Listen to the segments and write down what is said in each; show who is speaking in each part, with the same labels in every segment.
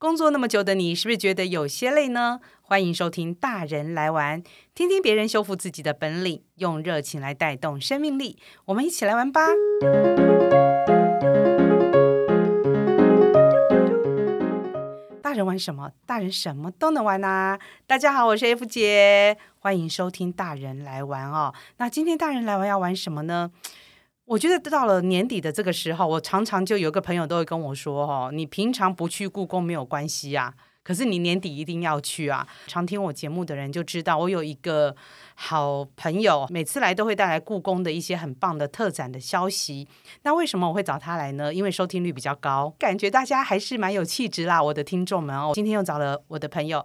Speaker 1: 工作那麼久的你，是不是覺得有些累呢？歡迎收聽《大人來玩》，聽聽別人修復自己的本領，用熱情來帶動生命力。我們一起來玩吧！大人玩什麼？大人什麼都能玩吶、啊！大家好，我是 F 姐，歡迎收聽《大人來玩》哦。那今天大人來玩要玩什麼呢？我覺得到了年底的這個時候，我常常就有個朋友都會跟我說：“哦，你平常不去故宮沒有關係啊，可是你年底一定要去啊。”常聽我節目的人就知道，我有一個好朋友，每次來都會帶來故宮的一些很棒的特展的消息。那為什麼我會找他來呢？因為收聽率比較高，感覺大家還是蠻有氣質啦，我的聽眾們哦。今天又找了我的朋友。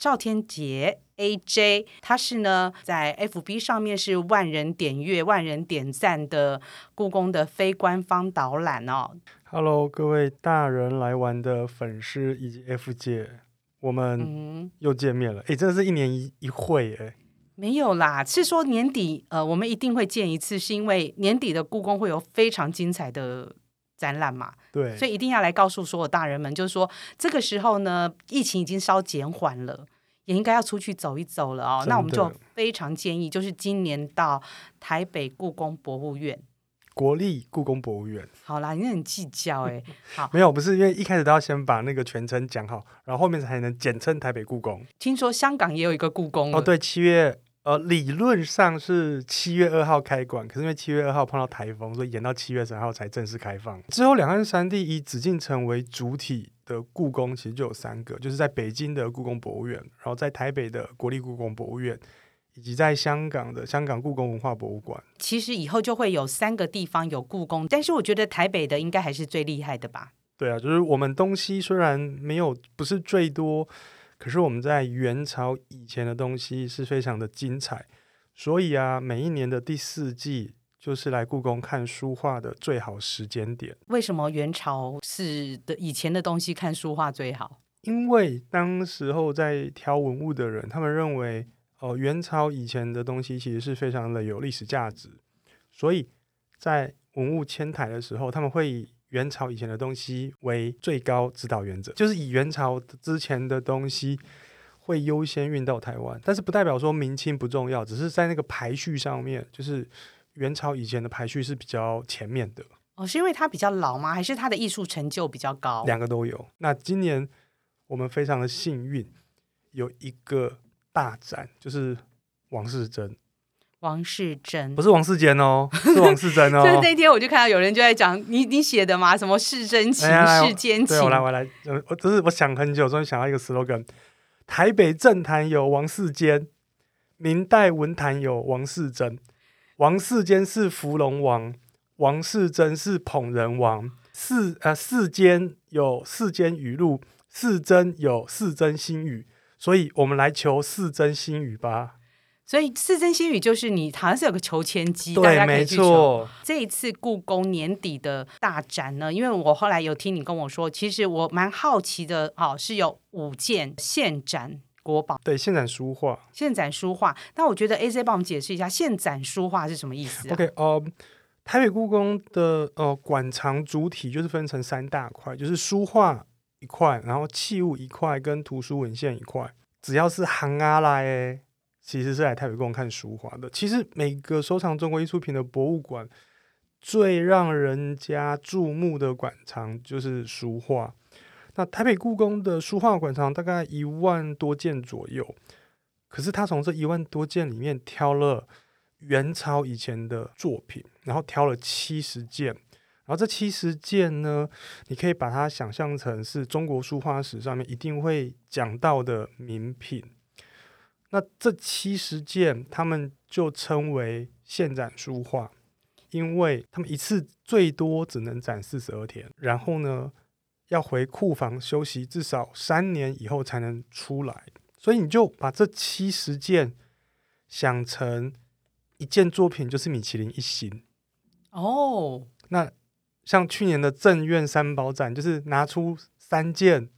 Speaker 1: 趙天杰 A J，他是呢在 F B 上面是萬人點閱、萬人點讚的故宮的非官方導覽哦。
Speaker 2: Hello，各位大人來玩的粉絲以及 F 界，我們又見面了。嗯、誒，真的是一年一一會誒，
Speaker 1: 沒有啦，是說年底呃，我們一定會見一次，是因為年底的故宮會有非常精彩的。展覽嘛，對，所以一定要來告訴所有大人們，就是說這個時候呢，疫情已經稍減緩了，也應該要出去走一走了哦。真的，那我們就非常建議，就是今年到台北故宮博物院，
Speaker 2: 國立故宮博物院。
Speaker 1: 好啦，你很計較哎，欸， 好，
Speaker 2: 沒有，不是因為一開始都要先把那個全稱講好，然後後面才能簡稱台北故宮。
Speaker 1: 聽說香港也有一個故宮哦，對，七月。
Speaker 2: 呃，理論上是七月二號開館，可是因為七月二號碰到台風，所以延到七月三號才正式開放。之後，兩岸三地以紫禁城為主體的故宮，其實就有三個，就是在北京的故宮博物院，然後在台北的國立故宮博物院，以及在香港的香港故宮文化博物館。
Speaker 1: 其實以後就會有三個地方有故宮，但是我覺得台北的應該還是最厲害的吧？
Speaker 2: 對啊，就是我們東西雖然沒有不是最多。可是我們在元朝以前的東西是非常的精彩，所以啊，每一年的第四季就是來故宮看書畫的最好時間點。
Speaker 1: 為什麼元朝是的以前的東西看書畫最好？
Speaker 2: 因為當時候在挑文物的人，他們認為哦、呃，元朝以前的東西其實是非常的有歷史價值，所以在文物遷台的時候，他們會以。元朝以前的東西為最高指導原則，就是以元朝之前的東西會優先運到台灣，但是不代表說明清不重要，只是在那個排序上面，就是元朝以前的排序是比較前面的。
Speaker 1: 哦，是因為它比較老嗎？還是它的藝術成就比較高？兩
Speaker 2: 個都有。那今年我們非常的幸運，有一個大展，就是王世貞。
Speaker 1: 王世貞不是王世堅哦，是王世
Speaker 2: 貞哦。就是 那
Speaker 1: 天我就看到有人就在講你你寫的嘛，什麼世貞情、世間情。哎、呀情我來我
Speaker 2: 來。我只是我，我，我想很久，終於想到一個 slogan：台北政壇有王世堅，明代文壇有王世貞。王世堅是芙蓉王，王世貞是捧人王。世啊、呃、世堅有世堅語錄，世貞有世貞，新語。所以，我們來求世貞新語吧。
Speaker 1: 所以《四政心語》就是你好像是有個求籤機，對，大家沒錯錯。這一次故宮年底的大展呢，因為我後來有聽你跟我說，其實我蠻好奇的，哦，是有五件限展
Speaker 2: 國寶，對，限展書畫，
Speaker 1: 限展書畫。那我覺得 Asa 幫我們解釋一下，限展書畫是什麼意思啊？OK，呃，
Speaker 2: 台北故宮的呃館藏主體就是分成三大塊，就是書畫一塊，然後器物一塊，跟圖書文獻一塊。只要是行啊來。其實是來台北故宮看書畫的。其實每個收藏中國藝術品的博物館，最讓人家注目的館藏就是書畫。那台北故宮的書畫館藏大概一萬多件左右，可是他從這一萬多件裡面挑了元朝以前的作品，然後挑了七十件，然後這七十件呢，你可以把它想象成是中國書畫史上面一定會講到的名品。那這七十件，他們就稱為限展書畫，因為他們一次最多只能展四十二天，然後呢，要回庫房休息至少三年以後才能出來，所以你就把這七十件想成一件作品就是米其林一星哦。那像去年的鎮院三寶展，就是拿出三件。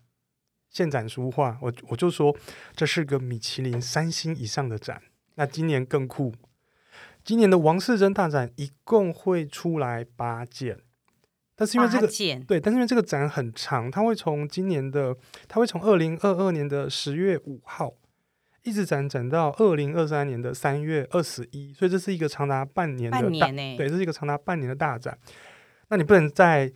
Speaker 2: 限展書畫，我我就說這是個米其林三星以上的展。那今年更酷，今年的王世貞大展一共會出來八件，但是因為這個八件對，但是因為這個展很長，他會從今年的，他會從二零二二年的十月五號一直展展到二零二三年的三月二十一，所以這是一個長達半年的大，半年欸、對，這是一個長達半年的大展。那你不能在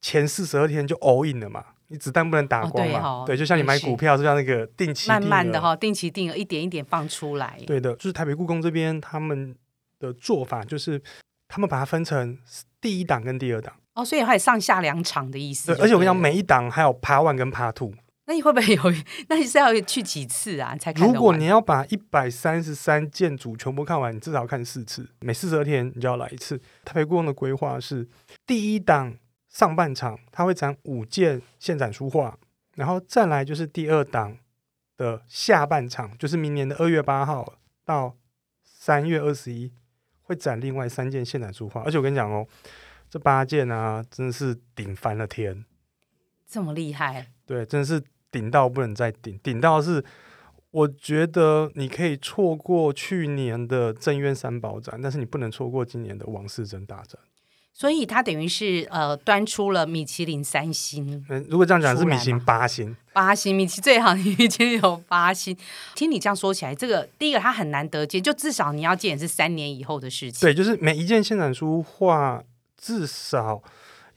Speaker 2: 前四十二天就 all in 了嘛，你子彈不能打光嘛？哦、對，對，就像你買股票，去就像那個定期定額慢慢的哈、
Speaker 1: 哦，定期定額一點一點放出來。對
Speaker 2: 的，就是台北故宮這邊他們的做法，就是他們把它分成第一檔跟第二檔。
Speaker 1: 哦，所以還有上下兩場的意思。而且我跟你講，每一
Speaker 2: 檔還有趴 One 跟趴 Two。
Speaker 1: 那你會不會有？那你是要去幾次啊？才看，如果你
Speaker 2: 要把一百三十三件組全部看完，你至少看四次，每四十二天你就要來一次。台北故宮的規劃是第一檔。上半場，他會展五件現展書畫，然後再來就是第二檔的下半場，就是明年的二月八號到三月二十一，會展另外三件現展書畫。而且我跟你講哦，這八件啊，真的是頂翻了天。
Speaker 1: 這麼厲害？
Speaker 2: 對，真的是頂到不能再頂，頂到是我覺得你可以錯過去年的鎮院三寶展，但是你不能錯過今年的王世貞大
Speaker 1: 展。所以他等於是呃端出了米其林三星。如果這樣講是米星
Speaker 2: 八星，
Speaker 1: 八星米其最好已經有八星。聽你這樣說起來，這個第一個它很難得見，就至少你要見也是三年以後的事情。對，就
Speaker 2: 是每一件限展書畫至少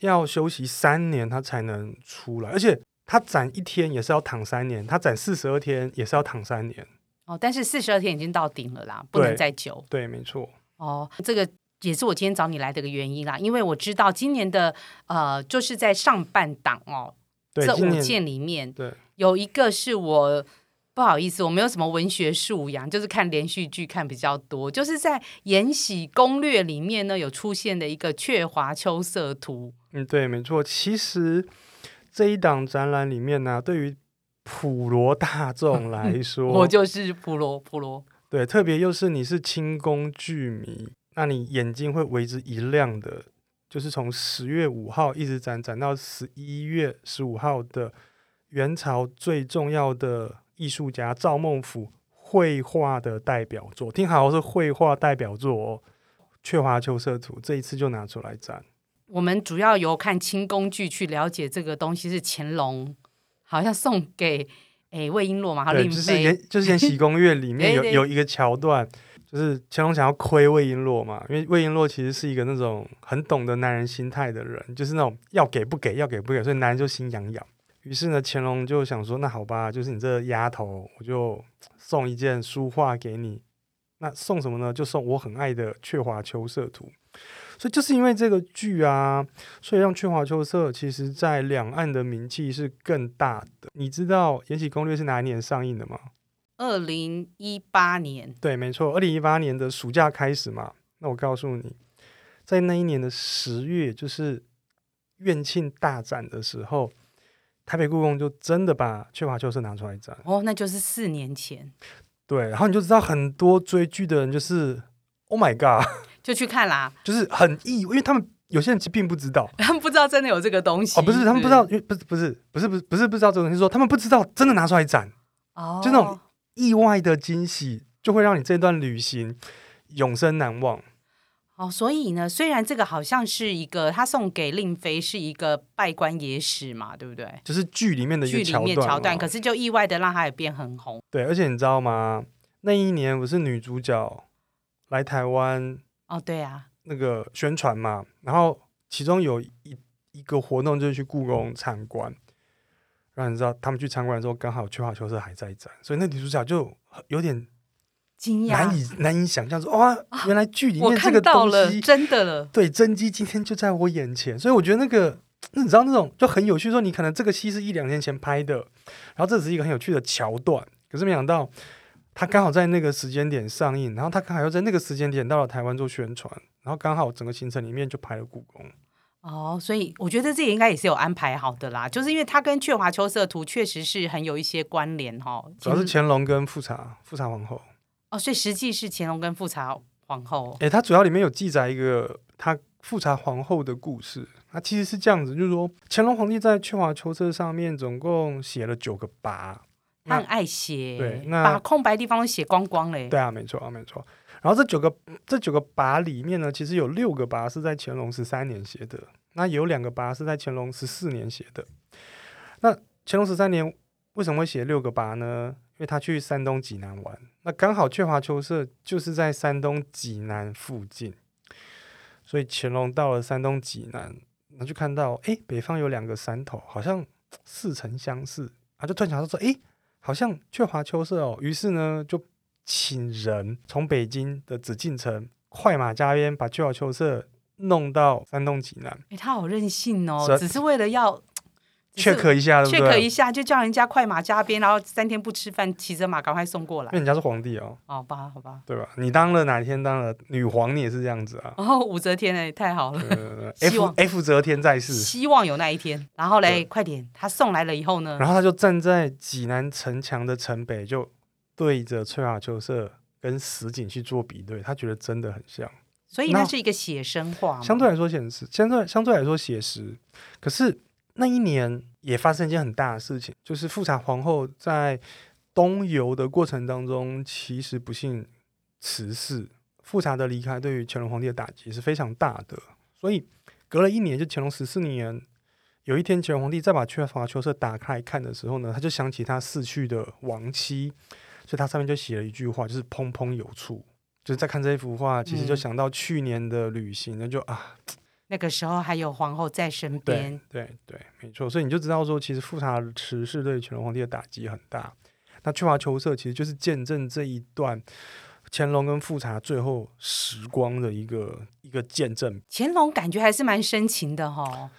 Speaker 2: 要休息三年，它才能出來，而且它展一天也是要躺三年，它展四十二天也是要躺三年。
Speaker 1: 哦，但是四十二天已經到頂了啦，不能再久。對，對，沒錯。哦，這個。也是我今天找你來的個原因啦，因為我知道今年的呃，就是在上半檔哦，對這五件裡面，有一個是我不好意思，我沒有什麼文學素養，就是看連續劇看比較多，就是在《延禧攻略》裡面呢有出現的一個《鵲華秋色圖》。
Speaker 2: 嗯，對，沒錯。其實這一檔展覽裡面呢、啊，對於普羅大眾來說，呵呵我就
Speaker 1: 是普羅普羅，
Speaker 2: 對，特別又是你是清宮劇迷。那你眼睛會為之一亮的，就是從十月五號一直展展到十一月十五號的元朝最重要的藝術家趙孟頫繪畫的代表作，聽好是繪畫代表作，哦《鵲華秋色圖》，這一次就拿出來展。
Speaker 1: 我們主要由看清宮劇去了解這個東西，是乾隆好像送給誒、哎、魏瓔珞嘛，好對，就是《延就是延禧攻略》裡面有 對對有一
Speaker 2: 個橋段。就是乾隆想要虧魏瓔珞嘛，因為魏瓔珞其實是一個那種很懂得男人心態的人，就是那種要給不給，要給不給，所以男人就心癢癢。於是呢，乾隆就想說，那好吧，就是你這丫頭，我就送一件書畫給你。那送什麼呢？就送我很愛的《鵲華秋色圖》。所以就是因為這個劇啊，所以讓《鵲華秋色》其實在兩岸的名氣是更大的。你知道《延禧攻略》是哪一年上映的嗎？
Speaker 1: 二零一八年，
Speaker 2: 對，沒錯，二零一八年的暑假開始嘛。那我告訴你，在那一年的十月，就是院慶大展的時候，台北故宮就真的把《鵲華秋色》拿出來展。
Speaker 1: 哦，那就是四年前。
Speaker 2: 對，然後你就知道很多追劇的人就是 Oh my God，
Speaker 1: 就去看啦，
Speaker 2: 就是很意，因為他們有些人其實並不知道，
Speaker 1: 他們不知道真的有這個東西。哦，不是，他們不知
Speaker 2: 道，不、嗯，不是，不是，不是，不是，不是不知道這個東西，就是、說他們不知道真的拿出來展，
Speaker 1: 哦，就那種。
Speaker 2: 意外的驚喜就會讓你這段旅行永生難忘。
Speaker 1: 哦，所以呢，雖然這個好像是一個他送給令妃是一個稗官野史嘛，對不對？就
Speaker 2: 是劇裡面的一個橋段，劇裡面橋段，可是
Speaker 1: 就意外的讓他也變很紅。對，
Speaker 2: 而且你知道嗎？那一年不是女主角來台灣哦？對啊，那個宣傳嘛，然後其中有一一個活動就是去故宮參觀。嗯然後你知道，他們去參觀的時候，剛好《鵲華秋色》還在，所以那女主角就有點難以，訝難，以難以想象說：“哇、哦，原來劇裡面、啊、這個東西到真的了。”對，真跡今天就在我眼前，所以我覺得那個那你知道那種就很有趣。說你可能這個戲是一兩年前拍的，然後這是一個很有趣的橋段，可是沒想到他剛好在那個時間點上映，然後他剛好又在那個時間點到了台灣做宣傳，然後剛好整個行程裡面就拍了故宮。
Speaker 1: 哦，所以我覺得這也應該也是有安排好的啦，就是因為他跟《鵲華秋色圖》確實是很有一些關聯哈。主要是乾
Speaker 2: 隆跟富察富察皇後。
Speaker 1: 哦，所以實際是乾隆跟富察皇後。哎、欸，
Speaker 2: 它主要裡面有記載一個他富察皇後的故事。那其實是這樣子，就是說乾隆皇帝在《鵲華秋色》上面總共寫了九個八，他很
Speaker 1: 愛寫，那對那把空白地方都寫光光嘞、欸。對
Speaker 2: 啊，沒錯，沒錯。然後這九個這九個跋裡面呢，其實有六個跋是在乾隆十三年寫的，那有兩個跋是在乾隆十四年寫的。那乾隆十三年為什麼會寫六個跋呢？因為他去山東濟南玩，那剛好“鵲華秋色”就是在山東濟南附近，所以乾隆到了山東濟南，那就看到哎，北方有兩個山頭，好像似曾相識啊，他就突然想到說，哎，好像“鵲華秋色”哦，於是呢就。請人從北京的紫禁城快馬加鞭，把鵲華秋色弄到山東濟南，
Speaker 1: 欸。他好任性哦，只，只是為了要
Speaker 2: 雀可一下，雀可一
Speaker 1: 下就叫人家快馬加鞭，然後三天不吃飯，騎着馬趕快送過來。因為人
Speaker 2: 家是皇帝哦，
Speaker 1: 好吧，好吧，
Speaker 2: 對吧？你當了哪天當了女皇，你也是這樣子啊。
Speaker 1: 哦，武則天哎，太好
Speaker 2: 了。f F 武則天在世，希
Speaker 1: 望有那一天。然後嘞，對快點，他送來了以後呢？然後他
Speaker 2: 就站在濟南城牆的城北就。對着鵲華秋色跟實景去做比對，他覺得真的很像，
Speaker 1: 所以那是一個寫生畫。相對
Speaker 2: 來說寫實，相對相對來說寫實。可是那一年也發生一件很大的事情，就是富察皇後在東遊的過程當中，其實不幸辭世。富察的離開對於乾隆皇帝的打擊是非常大的。所以隔了一年，就乾隆十四年，有一天乾隆皇帝再把鵲華秋色打開看的時候呢，他就想起他逝去的亡妻。所以它上面就寫了一句話，就是“砰砰有處”，就是在看這一幅畫，其實就想到去年的旅行，那、嗯、就啊，
Speaker 1: 那個時候還有皇後在身邊，
Speaker 2: 對對、對，沒錯。所以你就知道說，其實富察的死是對乾隆皇帝的打擊很大。那《鵲華秋色》其實就是見證這一段乾隆跟富察最後時光的一個一個見證。
Speaker 1: 乾隆感覺還是蠻深情的吼、哦！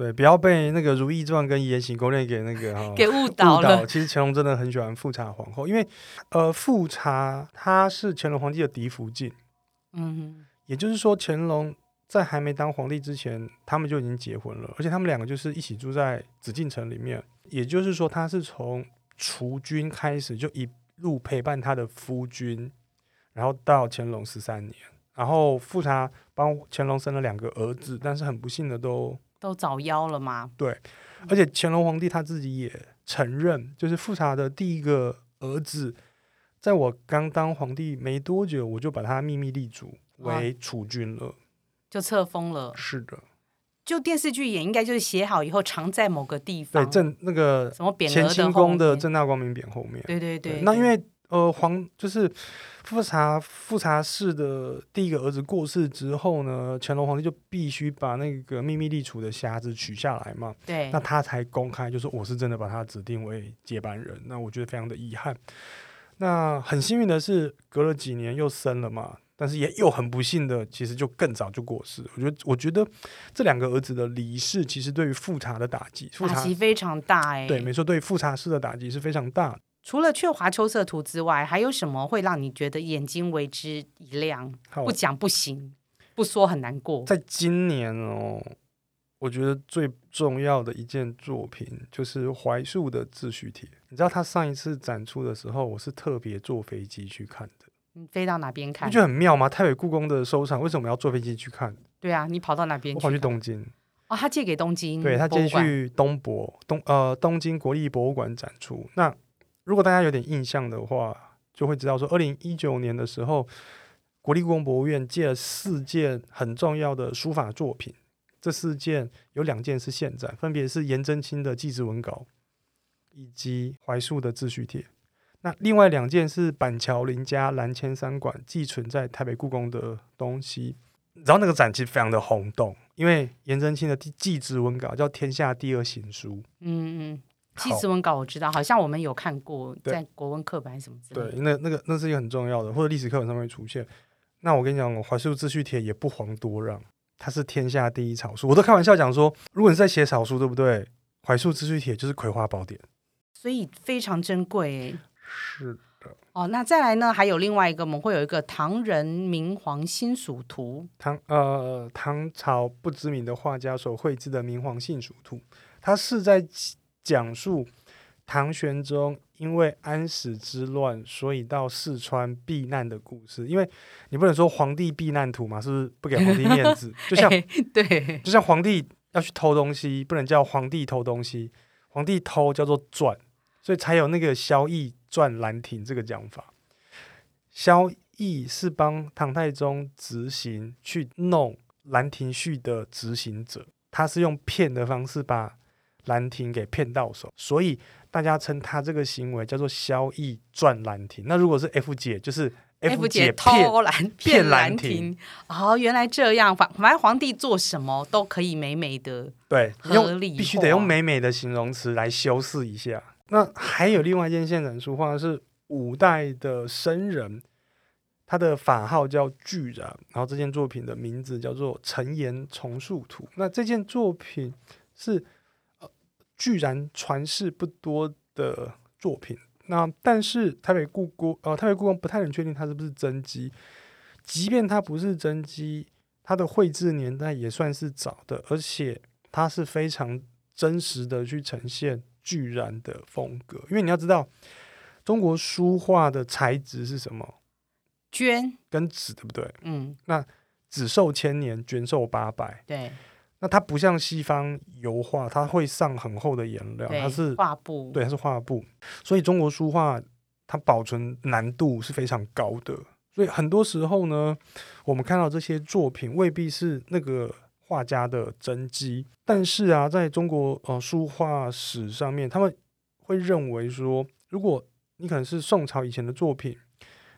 Speaker 2: 對，不要被那個《如懿傳》跟《延禧攻略》給那個、哦、 給誤導了誤導。其實乾隆真的很喜歡富察皇後，因為呃，富察她是乾隆皇帝的嫡福晉，嗯
Speaker 1: 哼，
Speaker 2: 也就是說乾隆在還沒當皇帝之前，他們就已經結婚了，而且他們兩個就是一起住在紫禁城裡面。也就是說，她是從儲君開始就一路陪伴他的夫君，然後到乾隆十三年，然後富察幫乾隆生了兩個兒子，嗯、但是很不幸的都。
Speaker 1: 都早夭了嗎？
Speaker 2: 對，而且乾隆皇帝他自己也承認，就是富察的第一個兒子，在我剛當皇帝沒多久，我就把他秘密立主為儲君了，
Speaker 1: 啊、就冊封了。是的，就電視劇也應該就是寫好以後，藏在某個地方，對，
Speaker 2: 正那個什
Speaker 1: 麼匾額的後面，乾清宮
Speaker 2: 的正大光明匾後面。對對對，對，對，對，那因為。呃，皇就是富察，富察富察氏的第一個兒子過世之後呢，乾隆皇帝就必須把那個秘密立儲的匣子取下來嘛。對，那他才公開，就是我是真的把他指定為接班人。那我覺得非常的遺憾。那很幸運的是，隔了幾年又生了嘛，但是也又很不幸的，其實就更早就過世。我覺得，我覺得這兩個兒子的離世，其實對於富察的打擊，打擊
Speaker 1: 非常大哎、欸。對，
Speaker 2: 沒錯，對富察氏的打擊是非常大。
Speaker 1: 除了《鵲華秋色圖》之外，還有什麼會讓你覺得眼睛為之一亮？好不講不行，不說很難過。在今
Speaker 2: 年哦，我覺得最重要的一件作品就是懷素的《自敘帖》。你知道他上一次展出的時候，我是特別坐飛機去看的。
Speaker 1: 你飛到哪邊看？你覺得很
Speaker 2: 妙嗎？台北故宮的收藏為什麼要坐飛機去看？
Speaker 1: 對啊，你跑到哪邊？我跑去東京。哦，他借給東京，對他借去
Speaker 2: 東博、東呃東京國立博物館展出。那如果大家有點印象的話，就會知道說，二零一九年的時候，國立故宮博物院借了四件很重要的書法作品，這四件有兩件是現展，分別是顏真卿的《祭侄文稿》以及懷素的《自敘帖》，那另外兩件是板橋林家藍千山館寄存在台北故宮的東西。然後那個展其實非常的轟動，因為顏真卿的《祭侄文稿》叫天下第二行書。嗯嗯。
Speaker 1: 祭姪文稿我知，好我知道，好像我們有看過對在國文課本還是什麼之類的。對，
Speaker 2: 那那個那是一個很重要的，或者歷史課本上面出現。那我跟你講，《懷素自敘帖》也不遑多讓，它是天下第一草書。我都開玩笑講說，如果你在寫草書，對不對？《懷素自敘帖》就是葵花寶典，
Speaker 1: 所以非常珍貴欸。是的。哦，那再來呢？還有另外一個，我們會有一個唐人明皇幸蜀圖，
Speaker 2: 唐呃唐朝不知名的畫家所繪製的明皇幸蜀圖，它是在。講述唐玄宗因為安史之亂，所以到四川避難的故事。因為你不能說皇帝避難圖嘛，是不是不給皇帝面子？就像就像皇帝要去偷東西，不能叫皇帝偷東西，皇帝偷叫做賺，所以才有那個蕭翼賺蘭亭這個講法。蕭翼是幫唐太宗執行去弄《蘭亭序》的執行者，他是用騙的方式把蘭亭給騙到手，所以大家稱他這個行為叫做“蕭翼賺蘭亭”。那如果是 F 姐，就是 F 姐騙 F 姐偷藍騙蘭亭。
Speaker 1: 哦，原來這樣，反反正皇帝做什麼都可以美美的。
Speaker 2: 對，合理必須得用美美的形容詞來修飾一下。那還有另外一件限展書畫是五
Speaker 1: 代的僧人，
Speaker 2: 他的法號叫巨然。然後這件作品的名字叫做《層巖叢樹圖》。那這件作品是，巨然傳世不多的作品，那但是台北故宮呃，台北故宮不太能確定它是不是真跡。即便它不是真跡，它的繪制年代也算是早的，而且它是非常真實的去呈現巨然的風格。因為你要知道，中國書畫的材質是什麼？絹捐跟紙，對不對？嗯。那紙壽千年，絹壽八百。對。那它不像西方油畫，它會上很厚的顏料，它是畫布，對，它是畫布，所以中國書畫它保存難度是非常高的，所以很多時候呢，我們看到這些作品未必是那個畫家的真跡，但是啊，在中國呃書畫史上面，他們會認為說，如果你可能是宋朝以前的作品，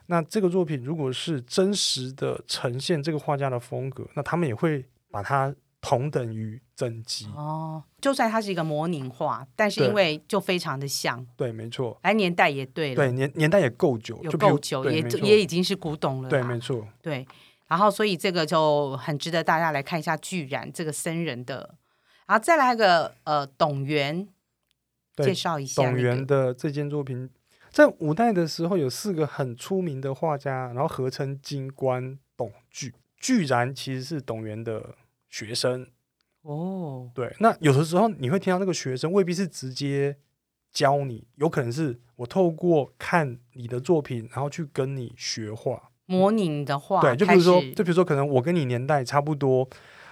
Speaker 2: 那這個作品如果是真實的呈現這個畫家的風格，那他們也會把它同等於真跡
Speaker 1: 哦，就算它是一個模擬畫，但是因為就非常的像，對，對，沒錯，哎，年代也對了，對，年
Speaker 2: 年代也夠久，有夠久，也對錯也，也已經
Speaker 1: 是古董了，對，沒錯，對，然後所以這個就很值得大家來看一下巨然這個僧人的，然後再來一個呃董源，對介紹一下董源
Speaker 2: 的這件作品，對在五代的時候有四個很出名的畫家，然後合稱荊關董巨，巨然其實是董源的。學生，哦，對，那有的時候你會聽到那個學生未必是直接教你，有可能是我透過看你的作品，然後去跟你學畫，
Speaker 1: 模擬你的畫，對，就比如說，始就
Speaker 2: 比如說，可能我跟你年代差不多，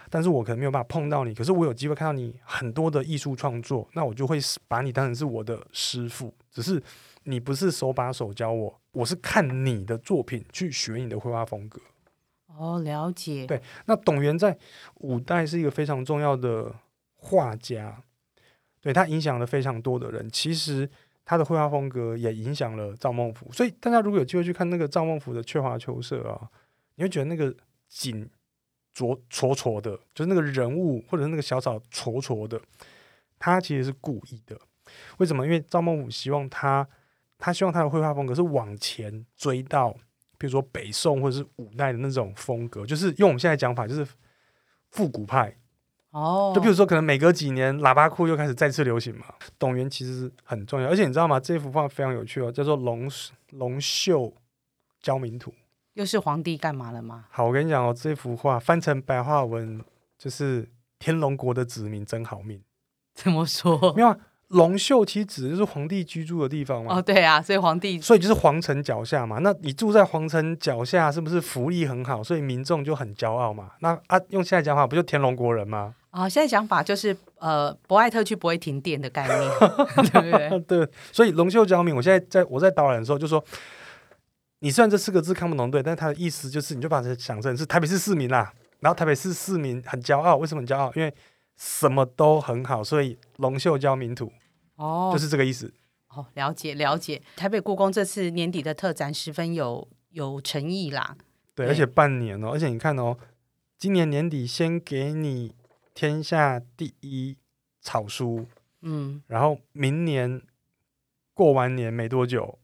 Speaker 2: 但是我可能沒有辦法碰到你，可是我有機會看到你很多的藝術創作，那我就會把你當成是我的師傅，只是你不是手把手教我，我是看你的作品去學你的繪畫風格。
Speaker 1: 哦，了解。對，
Speaker 2: 那董源在五代是一個非常重要的畫家，對，他影響了非常多的人。其實他的繪畫風格也影響了趙孟頫，所以大家如果有機會去看那個趙孟頫的《鵲華秋色》啊，你會覺得那個景拙拙拙的，就是那個人物或者那個小草拙拙的，他其實是故意的。為什麼？因為趙孟頫希望他，他希望他的繪畫風格是往前追到。比如說北宋或者是五代的那種風格，就是用我們現在講法，就是復古派。
Speaker 1: 哦，oh. 就比如說
Speaker 2: 可能每隔幾年喇叭褲又開始再次流行嘛。董源其實很重要，而且你知道嗎？這幅畫非常有趣哦，叫做龍《龍宿郊民圖》，
Speaker 1: 又是皇帝幹嘛了嗎？
Speaker 2: 好，我跟你講哦，這幅畫翻成白話文就是“天龍國的子民真好命”。怎麼說？沒有啊。龍秀其實指的就是皇帝居住的地方嘛。哦，對啊，所以皇帝，所以就是皇城腳下嘛。那你住在皇城腳下，是不是福利很好？所以民眾就很驕傲嘛。那啊，用現在講法，不就天龍國人嗎？
Speaker 1: 啊、哦，現在講法就是呃，博愛特區不會停電的概念， 對
Speaker 2: 不對？ 對，所以龍秀教民，我現在在我在導覽的時候就說，你雖然這四個字看不懂，對，但他的意思就是，你就把它想成是台北市市民啦、啊。然後台北市市民很驕傲，為什麼很驕傲？因為什麼都很好，所以龍秀交民土哦，就是這個意思
Speaker 1: 哦。了解了解，台北故宮這次年底的特展十分有有誠意啦。
Speaker 2: 對，而且半年哦，欸、而且你看哦，今年年底先給你天下第一草書，
Speaker 1: 嗯，
Speaker 2: 然後明年過完年沒多久，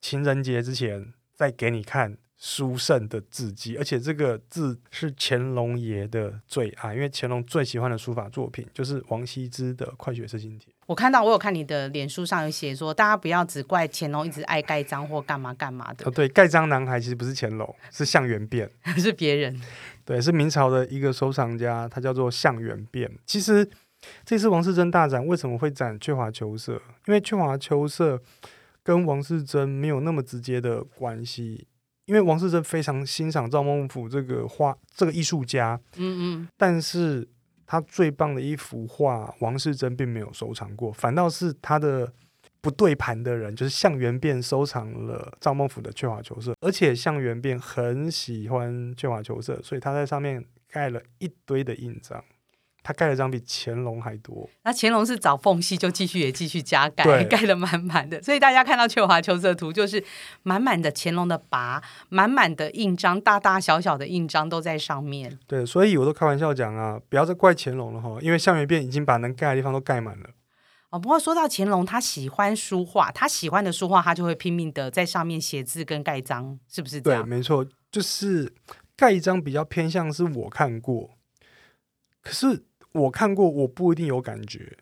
Speaker 2: 情人節之前再給你看。書聖的字跡，而且這個字是乾隆爺的最愛，因為乾隆最喜歡的書法作品就是王羲之的《快雪時晴帖》。
Speaker 1: 我看到我有看你的臉書上有寫說，大家不要只怪乾隆一直愛蓋章或幹嘛幹嘛的。哦、
Speaker 2: 對，蓋章男孩其實不是乾隆，是項元汴
Speaker 1: 是別人。
Speaker 2: 對，是明朝的一個收藏家，他叫做項元汴。其實這次王世貞大展為什麼會展《鵲華秋色》？因為《鵲華秋色》跟王世貞沒有那麼直接的關係。因為王世貞非常欣賞趙孟頫這個畫，這個藝術家，嗯嗯，但是他最棒的一幅畫，王世貞並沒有收藏過，反倒是他的不對盤的人，就是項元汴收藏了趙孟頫的《鵲華秋色》，而且項元汴很喜歡《鵲華秋色》，所以他在上面蓋了一堆的印章。他蓋了章比乾隆還多，
Speaker 1: 那乾隆是找縫隙就繼續也繼續加蓋，蓋的滿滿的，所以大家看到《鵲華秋色圖》就是滿滿的乾隆的跋，滿滿的印章，大大小小的印章都在上面。
Speaker 2: 對，所以我都開玩笑講啊，不要再怪乾隆了哈，因為項元汴已經把能蓋的地方都蓋滿
Speaker 1: 了。哦，不過說到乾隆，他喜歡書畫，他喜歡的書畫，他就會拼命的在上面寫字跟蓋章，是不是這樣？
Speaker 2: 對，沒錯，就是蓋章比較偏向是我看過，可是。我看過，我不一定有感覺，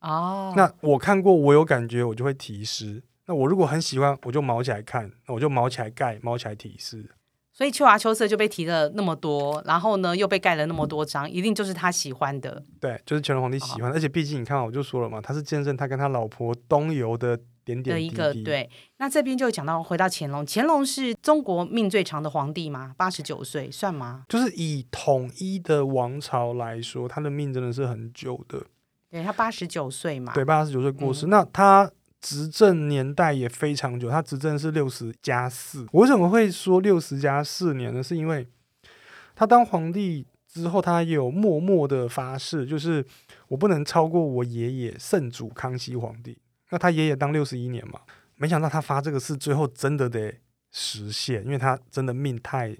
Speaker 1: 哦。那
Speaker 2: 我看過，我有感覺，我就會題詩。那我如果很喜歡，我就毛起來看，那我就毛起來蓋，毛起來題詩。
Speaker 1: 所以《鵲華秋色》就被題了那麼多，然後呢，又被蓋了那麼多章，嗯、一定就是他喜歡的。
Speaker 2: 對，就是乾隆皇帝喜歡。好好，而且畢竟你看，我就說了嘛，他是見證他跟他老婆東遊的。點點滴滴的一個對，
Speaker 1: 那這邊就講到，回到乾隆，乾隆是中國命最長的皇帝嗎？八十九歲算嗎？
Speaker 2: 就是以統一的王朝來說，他的命真的是很久的。
Speaker 1: 對，他八十九歲嘛，對，
Speaker 2: 八十九歲過世，嗯，那他執政年代也非常久，他執政是六十加四。我怎麼會說六十加四年呢？是因為他當皇帝之後，他有默默的發誓，就是我不能超過我爺爺聖祖康熙皇帝。那他爺爺當六十一年嘛，沒想到他發這個誓，最後真的得實現，因為他真的命太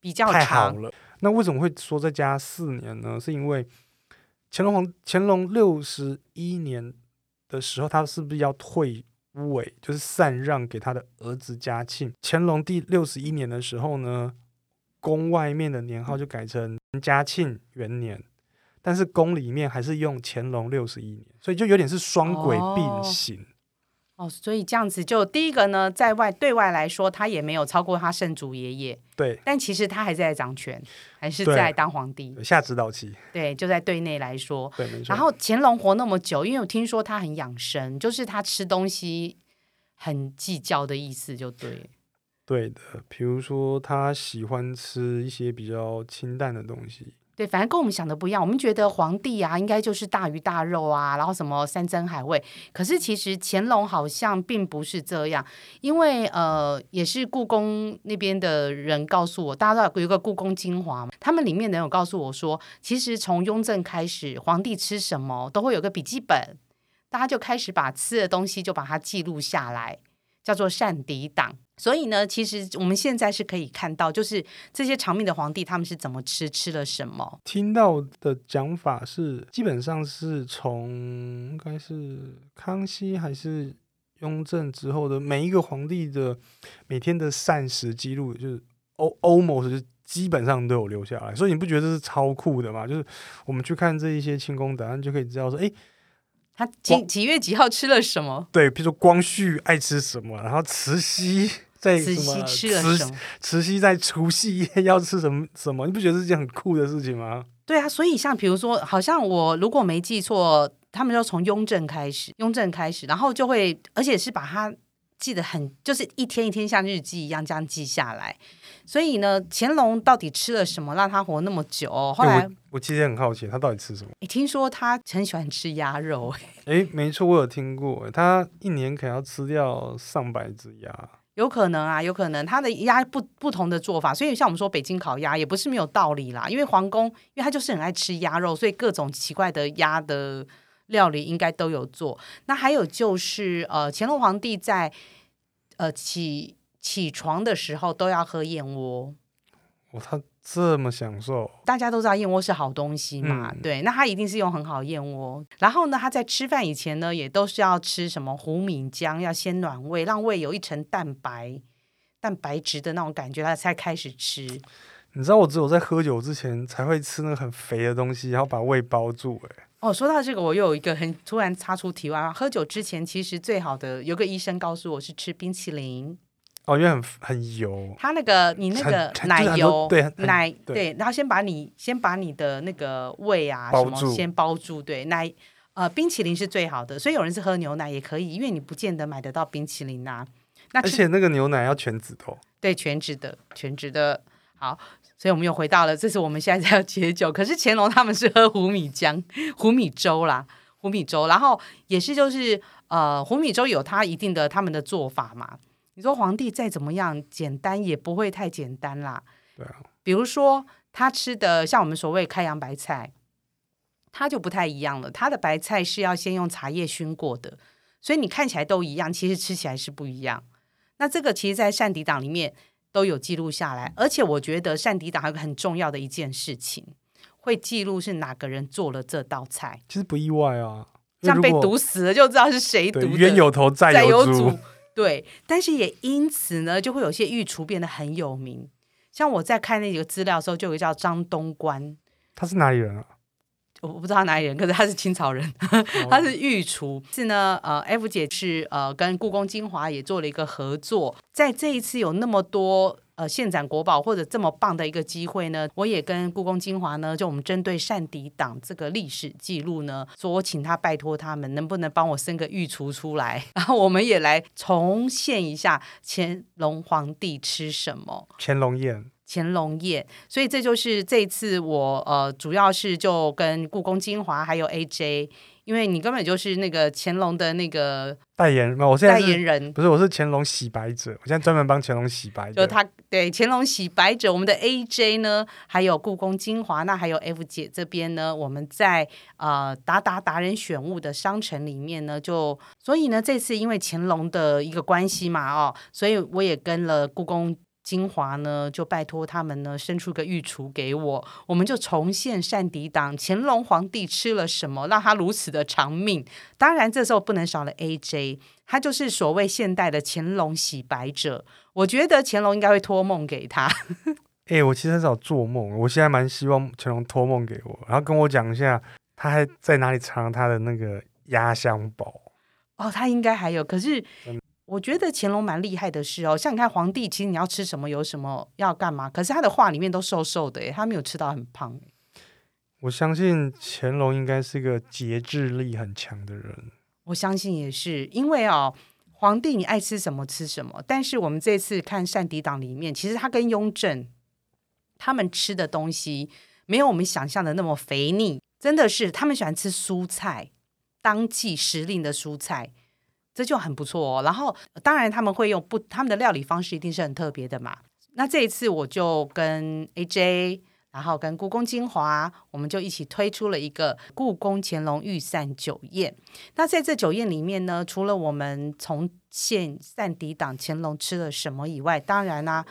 Speaker 1: 比較長太好了。
Speaker 2: 那為什麼會說再加四年呢？是因為乾隆皇乾隆六十一年的時候，他是不是要退位，就是禪讓給他的兒子嘉慶。乾隆第六十一年的時候呢，宮外面的年號就改成嘉慶元年。但是宮裡面還是用乾隆六十一年，所以就有點是雙軌並行
Speaker 1: 哦。哦，所以這樣子就第一個呢，在外對外來說，他也沒有超過他聖祖爺爺。對，但其實他還是在掌權，還是在當皇帝。下指導棋。對，就在對內來說。對，沒錯，然後乾隆活那麼久，因為我聽說他很養生，就是他吃東西很計較的意思就，就對。
Speaker 2: 對的，比如說他喜歡吃一些比較清淡的東西。
Speaker 1: 對，反正跟我們想的不一樣。我們覺得皇帝啊，應該就是大魚大肉啊，然後什麼山珍海味。可是其實乾隆好像並不是這樣，因為呃，也是故宮那邊的人告訴我，大家都有一個故宮晶華，他們裡面的人有告訴我說，其實從雍正開始，皇帝吃什麼都會有個筆記本，大家就開始把吃的東西就把它記錄下來。叫做膳底檔，所以呢，其實我們現在是可以看到，就是這些長命的皇帝他們是怎麼吃，吃了什麼。
Speaker 2: 聽到的講法是，基本上是從應該是康熙還是雍正之後的每一個皇帝的每天的膳食記錄，就是 almost 就基本上都有留下來，所以你不覺得這是超酷的嗎？就是我們去看這一些清宮檔案，就可以知道說，誒。
Speaker 1: 他幾光幾月幾號吃了什麼？
Speaker 2: 對，比如說光緒愛吃什麼，然後慈禧，在慈禧吃了什麼？慈，慈禧在除夕夜要吃什麼？什麼？你不覺得是件很酷的事情嗎？
Speaker 1: 對啊，所以像比如說，好像我如果沒記錯，他們就從雍正開始，雍正開始，然後就會，而且是把它。記得很，就是一天一天像日記一樣這樣記下來。所以呢，乾隆到底吃了什麼讓他活那麼久，哦？後來、欸、
Speaker 2: 我其實很好奇，他到底吃什
Speaker 1: 麼？你聽說他很喜歡吃鴨肉？
Speaker 2: 誒、欸？沒錯，我有聽過，他一年可能要吃掉上百隻鴨。
Speaker 1: 有可能啊，有可能他的鴨不不同的做法。所以像我們說北京烤鴨也不是沒有道理啦，因為皇宮，因為他就是很愛吃鴨肉，所以各種奇怪的鴨的。料理應該都有做，那還有就是，呃，乾隆皇帝在，呃起起床的時候都要喝燕窩，
Speaker 2: 哦，他這麼享受？
Speaker 1: 大家都知道燕窩是好東西嘛，嗯、對，那他一定是用很好燕窩。然後呢，他在吃飯以前呢，也都是要吃什麼糊米漿，要先暖胃，讓胃有一層蛋白、蛋白質的那種感覺，他才開始吃。
Speaker 2: 你知道我只有在喝酒之前才會吃那個很肥的東西，然後把胃包住、欸，哎。
Speaker 1: 哦，說到這個，我又有一個很突然插出題外話。喝酒之前，其實最好的有個醫生告訴我是吃冰淇淋。
Speaker 2: 哦，因為很很油。它那個你那個奶油，對奶，對，對，
Speaker 1: 然後先把你先把你的那個胃啊住什麼先包住，對奶呃冰淇淋是最好的。所以有人是喝牛奶也可以，因為你不見得買得到冰淇淋吶，啊。那而且
Speaker 2: 那個牛奶要全脂頭，
Speaker 1: 對全脂的全脂的好。所以，我們又回到了，這次我們現在在要解酒。可是乾隆他們是喝糊米漿、糊米粥啦，糊米粥，然後也是就是呃，糊米粥有它一定的他們的做法嘛。你說皇帝再怎麼樣簡單也不會太簡單啦。對啊、比如說他吃的像我們所謂開洋白菜，他就不太一樣了。他的白菜是要先用茶葉熏過的，所以你看起來都一樣，其實吃起來是不一樣。那這個其實，在膳底檔裡面。都有記錄下來，而且我覺得膳底檔還有個很重要的一件事情，會記錄是哪個人做了這道菜。其實不意外啊，
Speaker 2: 像被毒
Speaker 1: 死了就知道是誰毒的。冤有
Speaker 2: 頭有，債有主。
Speaker 1: 對，但是也因此呢，就會有些御廚變得很有名。 像我在看那幾個資料的時候，就有個叫張東官，
Speaker 2: 他是哪裡人啊？
Speaker 1: 我不知道他哪裡人，可是他是清朝人，oh. 呵呵，他是御廚。是呢，呃，F 姐是呃跟故宮晶華也做了一個合作，在這一次有那麼多呃限展國寶，或者這麼棒的一個機會呢，我也跟故宮晶華呢，就我們針對膳底檔這個歷史記錄呢，說我請他拜託他們，能不能幫我生個御廚出來，然後我們也來重現一下乾隆皇帝吃什麼
Speaker 2: 乾隆宴。
Speaker 1: 乾隆爺，所以這就是這次我呃，主要是就跟故宮晶華還有 AJ，因為你根本就是那個乾隆的那個代
Speaker 2: 言、代言人嘛，我代言人不是，我是乾隆洗白者，我現在專門幫乾隆洗白。就他
Speaker 1: 對乾隆洗白者，我們的 AJ 呢，還有故宮晶華，那還有 F 姐這邊呢，我們在呃達達達人選物的商城裡面呢，就所以呢，這次因為乾隆的一個關係嘛，哦，所以我也跟了故宮。精華呢，就拜託他們呢，伸出個御廚給我，我們就重現膳底檔，乾隆皇帝吃了什麼，讓他如此的長命？當然，這時候不能少了 AJ，他就是所謂現代的乾隆洗白者。我覺得乾隆應該會托夢給他。
Speaker 2: 誒、 欸，我其實很少做夢，我現在蠻希望乾隆托夢給我，然後跟我講一下他還在哪裡藏他的那個壓箱寶。
Speaker 1: 哦，他應該還有，可是。我覺得乾隆蠻厲害的是哦，像你看皇帝，其實你要吃什麼，有什麼要幹嘛，可是他的畫裡面都瘦瘦的耶，他沒有吃到很胖。
Speaker 2: 我相信乾隆應該是個節制力很強的人。
Speaker 1: 我相信也是，因為哦，皇帝你愛吃什麼吃什麼，但是我們這次看膳底檔裡面，其實他跟雍正他們吃的東西，沒有我們想象的那麼肥膩，真的是他們喜歡吃蔬菜，當季時令的蔬菜。這就很不錯、哦。然後，當然他們會用不他們的料理方式一定是很特別的嘛。那這一次我就跟 AJ，然後跟故宮晶華，我們就一起推出了一個故宮乾隆御膳酒宴。那在這酒宴裡面呢，除了我們重現膳底檔乾隆吃了什麼以外，當然呢、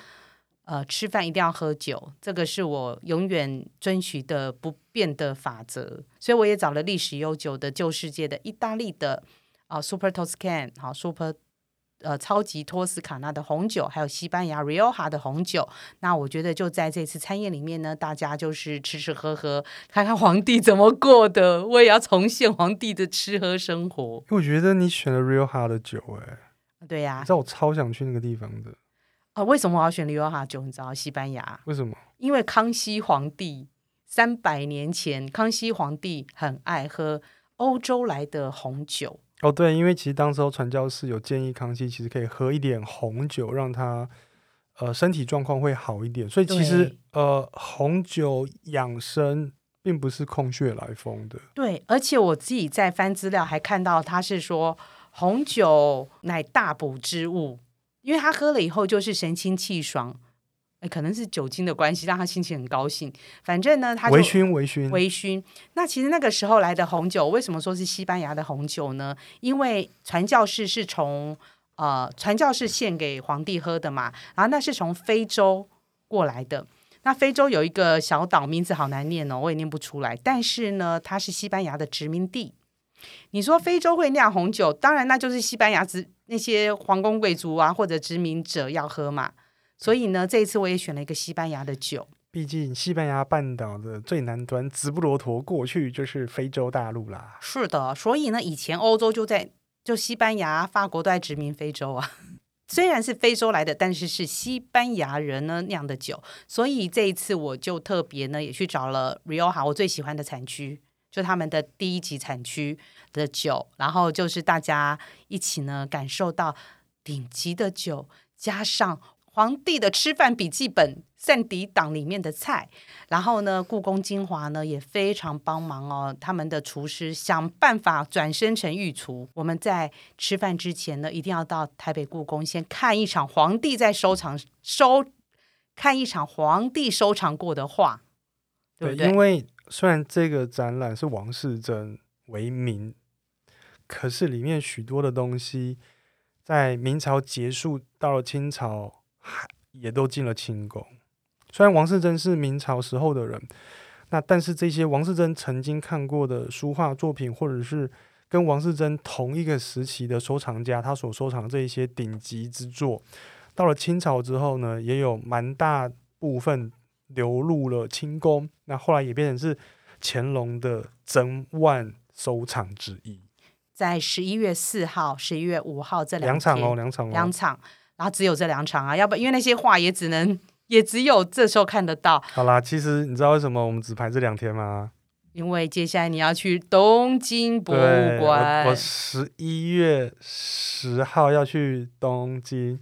Speaker 1: 啊，呃，吃飯一定要喝酒，這個是我永遠遵循的不變的法則。所以我也找了歷史悠久的舊世界的意大利的。啊、哦、Super Toscana 好、哦、Super，呃，超級托斯卡納的紅酒，還有西班牙 Rioja 的紅酒。那我覺得就在這次餐宴裡面呢，大家就是吃吃喝喝，看看皇帝怎麼過的，我也要重現皇帝的吃喝生活。
Speaker 2: 我覺得你選了 Rioja 的酒、欸，
Speaker 1: 哎、啊，對呀，你知
Speaker 2: 道我超想去那個地方的
Speaker 1: 啊、呃？為什麼我要選 Rioja 酒？你知道西班牙為什麼？因為康熙皇帝三百年前，康熙皇帝很愛喝歐洲來的紅酒。
Speaker 2: 哦，oh, 對，因為其實當時候傳教士有建議康熙，其實可以喝一點紅酒，讓他呃身體狀況會好一點。所以其實對呃紅酒養生並不是空穴來風的。
Speaker 1: 對，而且我自己在翻資料還看到他是說紅酒乃大補之物，因為他喝了以後就是神清氣爽。可能是酒精的關係，讓他心情很高興。反正呢，他就微醺、微醺、微醺。那其實那個時候來的紅酒，為什麼說是西班牙的紅酒呢？因為傳教士是從，呃，傳教士獻給皇帝喝的嘛，然後那是從非洲過來的。那非洲有一個小島，名字好難念哦，我也念不出來。但是呢，它是西班牙的殖民地。你說非洲會釀紅酒，當然那就是西班牙殖那些皇宮貴族啊，或者殖民者要喝嘛。所以呢，這一次我也選了一個西班牙的酒。
Speaker 2: 畢竟，西班牙半島的最南端直布羅陀過去就是非洲大陸啦。
Speaker 1: 是的，所以呢，以前歐洲就在就西班牙、法國都在殖民非洲啊。 雖然是非洲來的，但是是西班牙人呢釀的酒。所以這一次我就特別呢，也去找了 Rioja，我最喜歡的產區，就他們的第一級產區的酒。然後就是大家一起呢，感受到頂級的酒，加上，皇帝的吃飯筆記本，膳底檔裡面的菜，然後呢，故宮晶華呢也非常幫忙哦，他們的廚師想辦法轉身成御廚。我們在吃飯之前呢，一定要到台北故宮先看一場皇帝在收藏收，看一場皇帝收藏過的畫，對對，對？因為
Speaker 2: 雖然這個展覽是王世貞為名，可是裡面許多的東西在明朝結束到了清朝，也都進了清宮，雖然王世貞是明朝時候的人，那但是這些王世貞曾經看過的書畫作品，或者是跟王世貞同一個時期的收藏家，他所收藏的這一些頂級之作，到了清朝之後呢，也有蠻大部分流入了清宮，那後來也變成是乾隆的珍玩收藏之一。
Speaker 1: 在十一月四號、十一月五號這兩天，兩場哦，兩場哦，兩場。然後只有這兩場啊，要不因為那些畫也只能也只有這時候看得到。
Speaker 2: 好啦，其實你知道為什麼我們只排這兩天嗎？
Speaker 1: 因為接下來你要去東京博物館。我
Speaker 2: 十一月十號要去東京，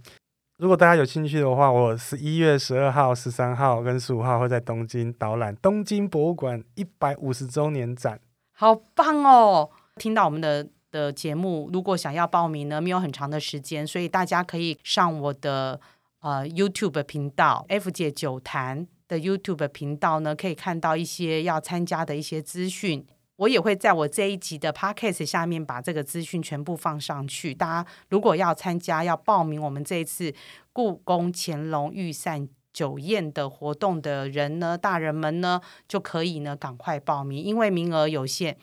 Speaker 2: 如果大家有興趣的話，我十一月十二號、十三號跟十五號會在東京導覽東京博物館一百五十周年展。
Speaker 1: 好棒哦！聽到我們的。的節目，如果想要報名呢，沒有很長的時間，所以大家可以上我的呃 YouTube 頻道 “F 姐酒壇”的 YouTube 頻道呢，可以看到一些要參加的一些資訊。我也會在我這一集的 Podcast 下面把這個資訊全部放上去。大家如果要參加、要報名我們這一次故宮乾隆御膳酒宴的活動的人呢，大人們呢就可以呢趕快報名，因為名額有限，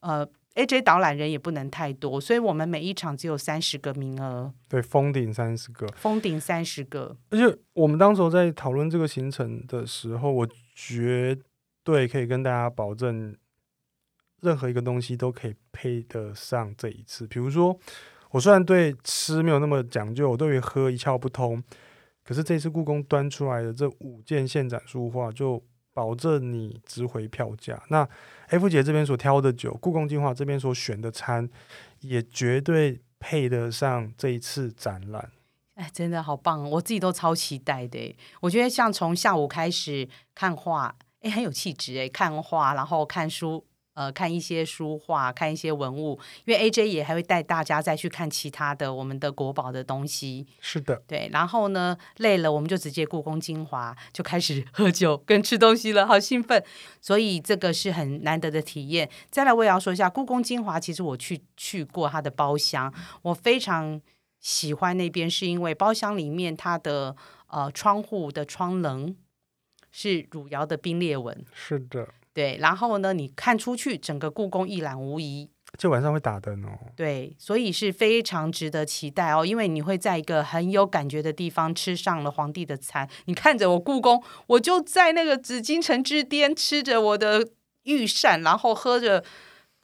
Speaker 1: 呃。A J 導覽人也不能太多，所以我們每一場只有三十個名額。
Speaker 2: 對，封頂三十個。
Speaker 1: 封頂三十個。
Speaker 2: 而且我們當時候在討論這個行程的時候，我絕對可以跟大家保證，任何一個東西都可以配得上這一次。比如說，我雖然對吃沒有那麼講究，我對於喝一竅不通，可是這次故宮端出來的這五件限展書畫就。保證你值回票價。那 F 姐這邊所挑的酒，故宮晶華這邊所選的餐，也絕對配得上這一次展覽。
Speaker 1: 哎，真的好棒哦，我自己都超期待的。我覺得像從下午開始看畫，哎，很有氣質。哎，看畫，然後看書。呃，看一些書畫，看一些文物，因為 AJ 也還會帶大家再去看其他的我們的國寶的東西。是的，對。然後呢，累了我們就直接故宮晶華就開始喝酒跟吃東西了，好興奮。所以這個是很難得的體驗。再來，我也要說一下故宮晶華，其實我去去過它的包廂，嗯、我非常喜歡那邊，是因為包廂裡面它的呃窗戶的窗稜是汝窯的冰裂紋。是的。對，然後呢，你看出去整個故宮一覽無遺，就晚上會打燈哦。對，所以是非常值得期待哦，因為你會在一個很有感覺的地方吃上了皇帝的餐，你看着我故宮，我就在那個紫禁城之巔吃着我的御膳，然後喝着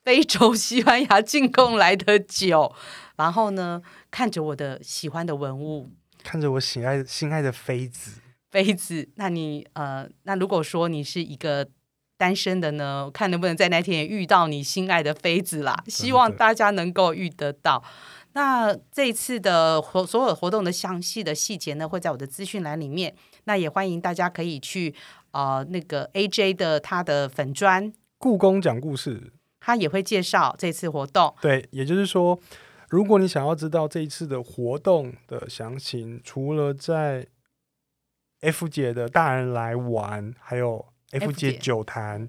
Speaker 1: 非洲、西班牙進貢來的酒， 然後呢，看着我的喜歡的文物，看着我喜愛心愛的妃子，妃子，那你呃，那如果說你是一個。單身的呢，看能不能在那天也遇到你心愛的妃子啦。對對，希望大家能夠遇得到。那這次的活，所有活動的詳細的細節呢，會在我的資訊欄裡面。那也歡迎大家可以去啊、呃，那個 AJ 的他的粉專故宮講故事，他也會介紹這次活動。對，也就是說，如果你想要知道這一次
Speaker 2: 的活動的詳情，除了在 F 姐的大人來玩，還有。FJ 九壇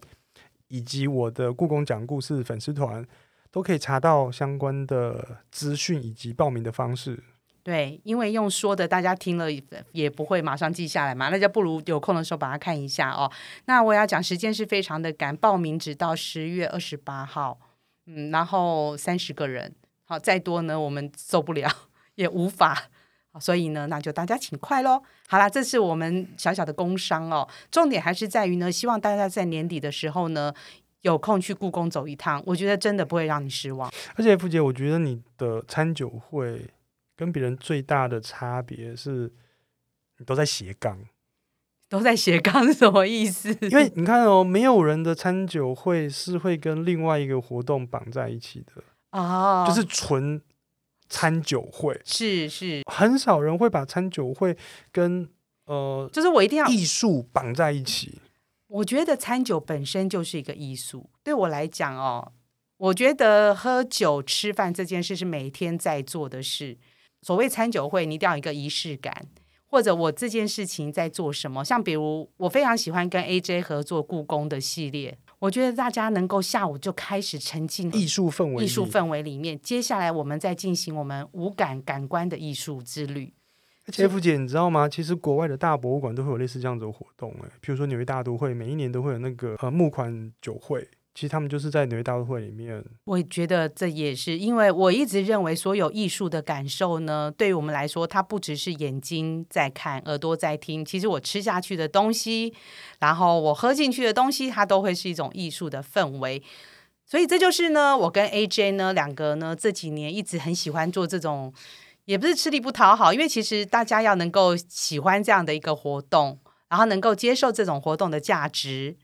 Speaker 2: 以及我的故宮講故事粉絲團都可以查到相關的資訊以及報名的方式。
Speaker 1: 對，因為用說的，大家聽了也不會馬上記下來嘛，那就不如有空的時候把它看一下哦。那我要講時間是非常的趕，報名只到十月二十八號，嗯，然後三十個人，好，再多呢我們受不了，也無法。所以呢，那就大家請快嘍！好啦，這是我們小小的工商哦，重點還是在於呢，希望大家在年底的時候呢，有空去故宮走一趟，我覺得真的不會讓你失望。
Speaker 2: 而且，傅姐，我覺得你的餐酒會跟別人最大的差別是，你都在斜槓，
Speaker 1: 都在斜槓是什麼意思？因為
Speaker 2: 你看哦，沒有人的餐酒會是會跟另外一個活動綁在一起的
Speaker 1: 啊，哦、就是
Speaker 2: 純。餐酒會是是很少人會把餐酒會跟呃，就是我一定要藝術綁在一起。
Speaker 1: 我覺得餐酒本身就是一個藝術，對我來講哦，我覺得喝酒吃飯這件事是每天在做的事。所謂餐酒會，你一定要有一個儀式感，或者我這件事情在做什麼。像比如我非常喜歡跟 AJ 合作故宮的系列。我覺得大家能夠下午就開始沉浸藝術氛圍，藝術氛圍裡面，裡面接下來我們再進行我們五感感官的藝術之旅。而且，F
Speaker 2: 姐你知道嗎？這其實國外的大博物館都會有類似這樣子的活動，欸，哎，比如說紐約大都會，每一年都會有那個呃、嗯、募款酒會。其實他們就是在紐約大都會裡面，
Speaker 1: 我覺得這也是因為我一直認為，所有藝術的感受呢，對於我們來說，它不只是眼睛在看，耳朵在聽。其實我吃下去的東西，然後我喝進去的東西，它都會是一種藝術的氛圍。所以這就是呢，我跟 AJ 呢兩個呢這幾年一直很喜歡做這種，也不是吃力不討好，因為其實大家要能夠喜歡這樣的一個活動，然後能夠接受這種活動的價值，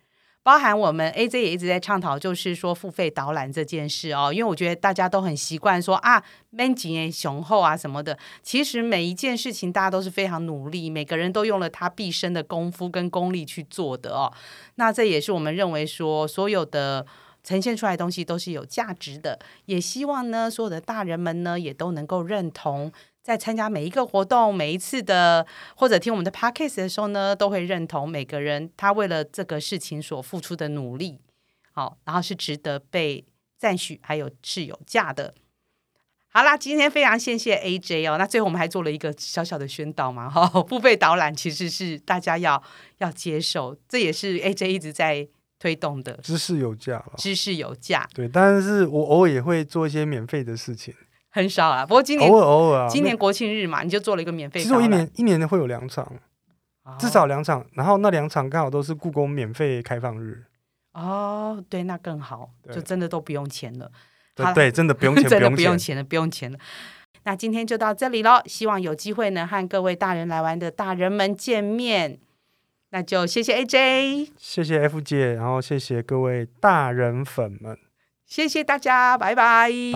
Speaker 1: 包含我們 AJ 也一直在倡導，就是說付費導覽這件事哦，因為我覺得大家都很習慣說啊，背景雄厚啊什麼的。其實每一件事情，大家都是非常努力，每個人都用了他畢生的功夫跟功力去做的哦。那這也是我們認為說，所有的呈現出來的東西都是有價值的。也希望呢，所有的大人們呢，也都能夠認同在參加每一個活動、每一次的，或者聽我們的 podcast 的時候呢，都會認同每個人他為了這個事情所付出的努力。好、哦，然後是值得被讚許，還有是有價的。好啦，今天非常謝謝 AJ 哦。那最後我們還做了一個小小的宣導嘛，哈、哦，付費導覽其實是大家要要接受，這也是 AJ 一直在推動的。知識有價，知識有價。
Speaker 2: 對，但是我偶爾也會做一些免費的事情。
Speaker 1: 很少啊，不過今年偶爾偶爾，oh, oh, oh, oh, 今年國慶日嘛，對你就做了一個免費。其實一年
Speaker 2: 一年的會有兩場，oh, 至少兩場，然後那兩場剛好都是故宮免費開放日。
Speaker 1: 哦，oh, 對，那更好，對就真的都不用錢了。對，對，真的不用錢， 真的不用錢了， 不用錢了。那今天就到這裡了，希望有機會能和各位大人來玩的大人們見面。那就謝謝 AJ，
Speaker 2: 謝謝 F 姐，然後謝謝各位大人粉們。
Speaker 1: 謝謝大家，拜拜。